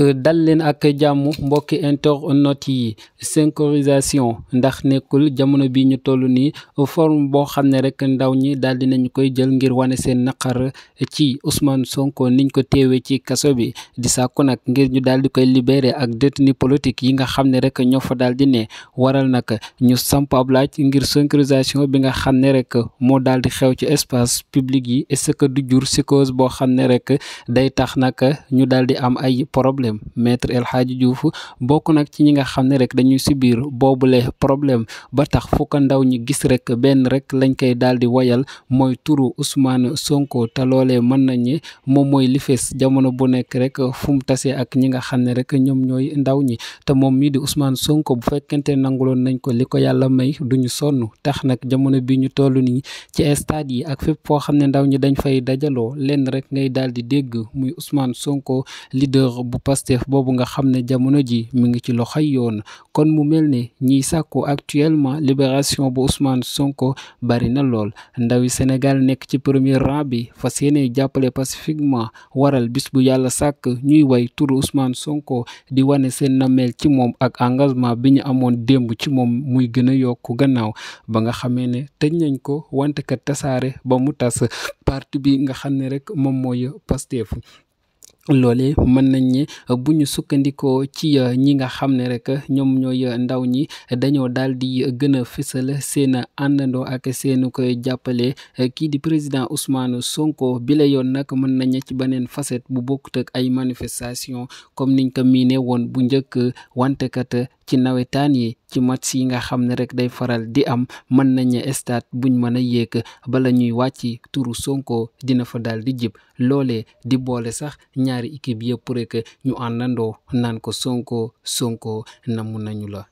Euh, dal leen ak jàmm mbokki internet yi synchronisation ndax nekkul jamono bi ñu toll nii forme boo xam ne rek ndaw ñi daal di nañ koy jël ngir wane seen naqar ci Ousmane Sonko niñ ko teewee ci kaso bi di sàkku nag ngir ñu daal di koy libéré ak détenu politique yi nga xam ne rek ñoo fa daal di ne waral nag ñu samp ab ngir synchronisation bi nga xam ne rek moo daal di xew ci espace public yi est-ce que du jur psychose boo xam ne rek day tax nag ñu daal am ay problème maître El Hadji Diouf bokk nag ci ñi nga xam ne rek dañuy subir boobule problème ba tax fukk ndaw ñi gis rek benn rek lañ koy daal di wayal mooy turu Ousmane Sonko te loolee mën nañ ne moom mooy li fees jamono bu nekk rek fu mu tasee ak ñi nga xam ne rek ñoom ñooy ndaw ñi te moom mii di Ousmane Sonko bu fekkente nanguloon nañ ko li ko yàlla may duñu sonn tax nag jamono bi ñu toll nii ci stade yi ak fépp foo xam ne ndaw ñi dañ fay dajaloo lenn rek ngay daal dégg muy Ousmane Sonko leader bu pas Pastef boobu nga xam ne jamono ji mu ngi ci loxo yoon kon mu mel ne ñiy sàkku actuellement libération bu Ousmane Sonko bari na lool ndawi Sénégal nekk ci premier rang bi fa yéene jàppale pacifiquement waral bis bu yàlla sàkk ñuy way turu Ousmane Sonko di wane seen nameel ci moom ak engagement bi ñu amoon démb ci moom muy gën a yokku gannaaw ba nga xamee ne tëj nañ ko wante kat tasaare ba mu tas parti bi nga xam ne rek moom mooy Pastef loole mën nañ ne bu ñu sukkandikoo ci euh, ñi nga xam ne rek ñoom ñooy euh, ndaw ñi dañoo daal di gën a fësal seen àndandoo ak seen koy jàppale euh, kii di président Ousmane Sonko bi la yoon nag mën nañ ci beneen facette bu bokkut ay manifestation comme niñ ko miine woon bu njëkk wantekat ci nawetaan yi ci match yi nga xam ne rek day faral di am mën nañu ne stade buñ mën a yéeg bala ñuy wàcc turu Sonko dina fa daal di jib loolee di boole sax ñaari équipe yëpp rek ñu àndandoo naan ko Sonko Sonko namu nañu la.